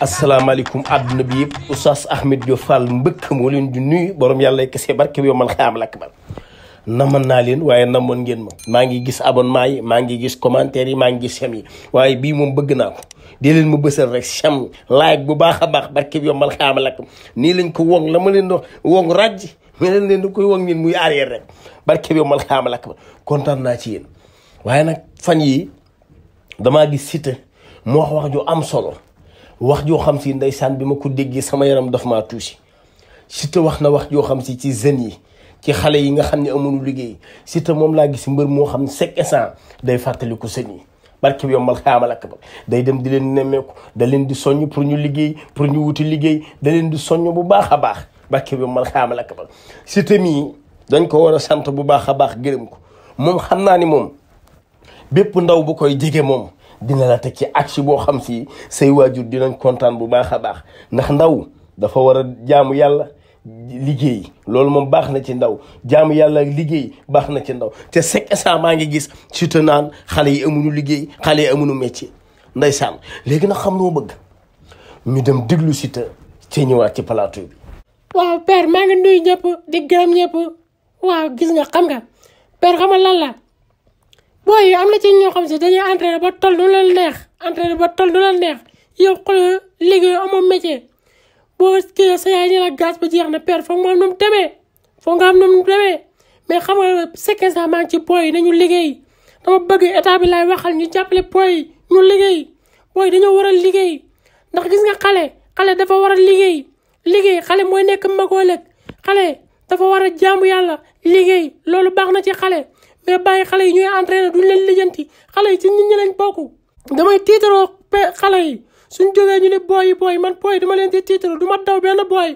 asalaamaaleykum àdduna bi yëpp oustaz Ahmed Diop Fall mbëkk moo leen di nuyu borom yàlla kese barke bi yow man xaam lakk man namoon naa leen waaye namoon ngeen ma maa ngi gis abonnement yi maa ngi gis commentaire yi maa ngi gis xem yi waaye bii moom bëgg naa ko dee leen ma bësal rek xem like bu baax a baax barke bi yow man xaam lakk nii lañ ko woŋ la ma leen dox woŋ ràjj ñu leen leen di koy woŋ ngeen muy arrière rek barke bi yow man xaam lakk man kontaan naa ci yéen waaye nag fan yii damaa gis Siteu mu wax wax ju am solo wax joo xam si ndeysaan bi ma ko déggee sama yaram daf maa wax na wax joo xam si ci jeunes yi ci xale yi nga xam ne amuñu liggéey Siteu moom laa gis mbër moo xam ne chaque instant day fàttaliku sëñ yi barke bi yombal xaamal ak ba day dem di leen nemmeeku da leen di soññ pour ñu liggéey pour ñu wuti liggéey da di soññ bu baax a baax barke bi yombal xaamal ba Siteu mii dañ ko war a sant bu baax a baax gërëm ko moom xam naa ni moom bépp ndaw bu koy jege moom dina la teg ci aksi boo xam si say waajur dinañ kontaan bu baax a baax ndax ndaw dafa war a jaamu yàlla liggéey loolu moom baax na ci ndaw jaamu yàlla liggéey baax na ci ndaw te chaque instant maa ngi gis surtout naan xale yi amuñu liggéey xale yi amuñu métier ndeysaan léegi nag xam noo bëgg ñu dem déglu si te te ñëwaat ci palatu bi. waaw père maa ngi nuyu ñëpp di gërëm ñëpp waaw gis nga xam nga père xamal lan booy yi am na ci ñoo xam si dañuy entraîné ba toll nu leen neex entraîné ba toll nu leen neex yow xoolal liggéey amoo métier boo kii sa yaay ñu la gaz ba jeex na per foog nga am nu mu demee foog nga am nu demee mais xam nga sekkee sa maa ci booy yi nañu liggéey dama bëgg état bi laay waxal ñu jàppale booy yi ñu liggéey booy dañoo war a liggéey ndax gis nga xale xale dafa war a liggéey liggéey xale mooy nekk magoo lekk xale dafa war a jaamu yàlla liggéey loolu baax na ci xale. mais bàyyi xale yi ñuy entraîné duñ leen lijjanti xale yi ci nit ñi lañ bokku damay tiitaroo xale yi suñ jógee ñu ne booy booy man booy dama leen di tiitaroo du ma daw benn booy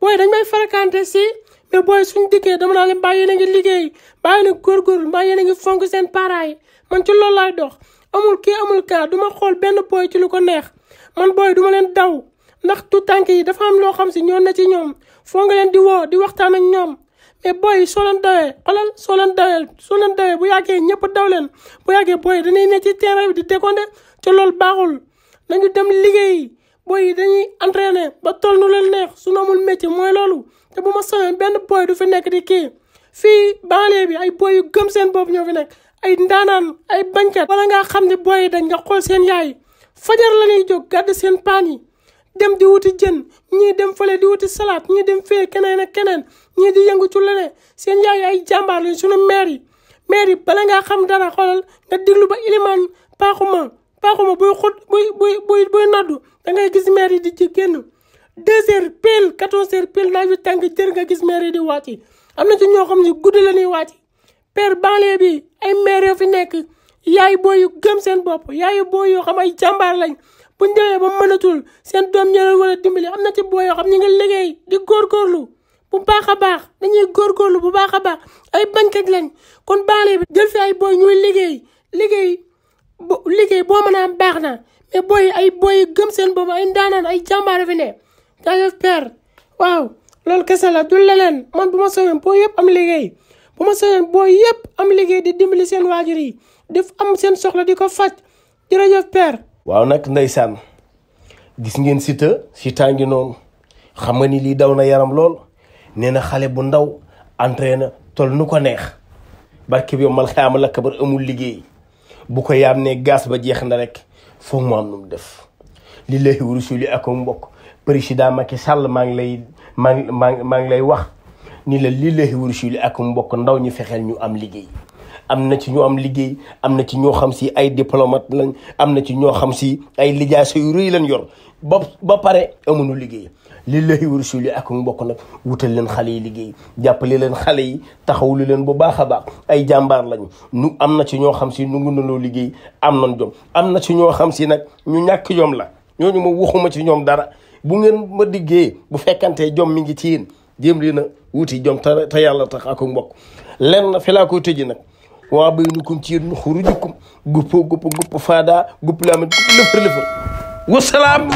booy dañ may fréquenté si mais booy suñ dikkee dama naa leen bàyyi yéen a ngi liggéey bàyyi na góorgóorlu bàyyi yéen a ngi fonk seen parents yi man ci loolu laay dox amul kii amul kaa du ma xool benn booy ci lu ko neex man booy duma leen daw ndax tu tànk yi dafa am loo xam si ñoon na ci ñoom foo nga leen di di waxtaan ak ñoom mais eh, booy yi soo leen dawee xoolal soo leen dawee soo leen dawee bu yàggee ñëpp daw leen bu yàggee booy yi dañuy ne ci terrain bi di décompté te loolu baaxul nañu dem liggéeyi booy yi dañuy entraîné ba toll nu leen neex su ñu amul métier mooy loolu te bu ma soxee benn booy du fi nekk di kii fii banlieue bi ay booy yu gëm seen bopp ñoo fi nekk ay ndaanaan ay bañkat wala ngaa xam ne booy yi dañ nga xool seen yaay fajar la ñuy jóg gàdd seen paan yi dem di wuti jën ñii dem fële di wuti salaat ñii dem fee keneen ak keneen ñii di yëngu ci leneen seen yaay ay jàmbaar lañ suñu maire yi maire yi bala ngaa xam dara xoolal nga diglu ba ilimaan paaxuma paaxuma buy xut buy buy buy buy noddu da ngay gis maire yi di ci génn deux heures pile quatorze heures pile naaj wi tàng jër nga gis maire yi di wàcc am na ci ñoo xam ne guddi la ñuy wàcc père banlieue bi ay maire yoo fi nekk yaay booy yu gëm seen bopp yaay booy yoo xam ay jàmbaar la buñ demee ba mënatul seen doom ñoo leen war a dimbali am na ci yoo xam ñu nga liggéey di góorgóorlu bu baax a baax dañuy góorgóorlu bu baax a baax ay bañkat lañ kon baale bi jël fi ay booy ñuy liggéey liggéey bo liggéey boo mën a am baax na mais booy ay booy gëm seen boobu ay ndaanaan ay a fi ne jaajëf père waaw loolu kese la du leneen man bu ma soñoon booy yëpp am liggéey bu ma soñoon booy yëpp am liggéey di dimbali seen waajur yi def am seen soxla di ko faj jërëjëf père waaw nag ndeysaan gis ngeen Siteu Siteu ngi noonu xam nga ni lii daw na yaram lool nee na xale bu ndaw entraîné tol nu ko neex barke bi mal xaama la kabar amul liggéey bu ko yaam ne gaz ba jeex na rek foog mu am nu def li lay wurusu li ak mbokk président Macky Sall maa ngi lay maa maa ngi lay wax ni la li lay ak mbokk ndaw ñu fexeel ñu am liggéey am na ci ñu am liggéey am na ci ñoo xam si ay diplomate lañ am na ci ñoo xam si ay lijaasa yu rëy lañ yor ba ba pare amuñu liggéey li lay wërsul yi ak mu mbokk nag wutal leen xale yi liggéey jàppale leen xale yi taxawlu leen bu baax a baax ay jàmbaar lañ nu am na ci ñoo xam si nu ngi nanoo liggéey am nañ jom am na ci ñoo xam si nag ñu ñàkk jom la ñooñu ma wuxuma ci ñoom dara bu ngeen ma diggee bu fekkantee jom mi ngi ci yéen jéem leen a wuti jom te te yàlla tax ak mbokk lenn fi laa koy nag waa baynukum ci yéen xurujukum guppoo gupp gupp faada gupp laamat gupp lëfër lëfër wasalaam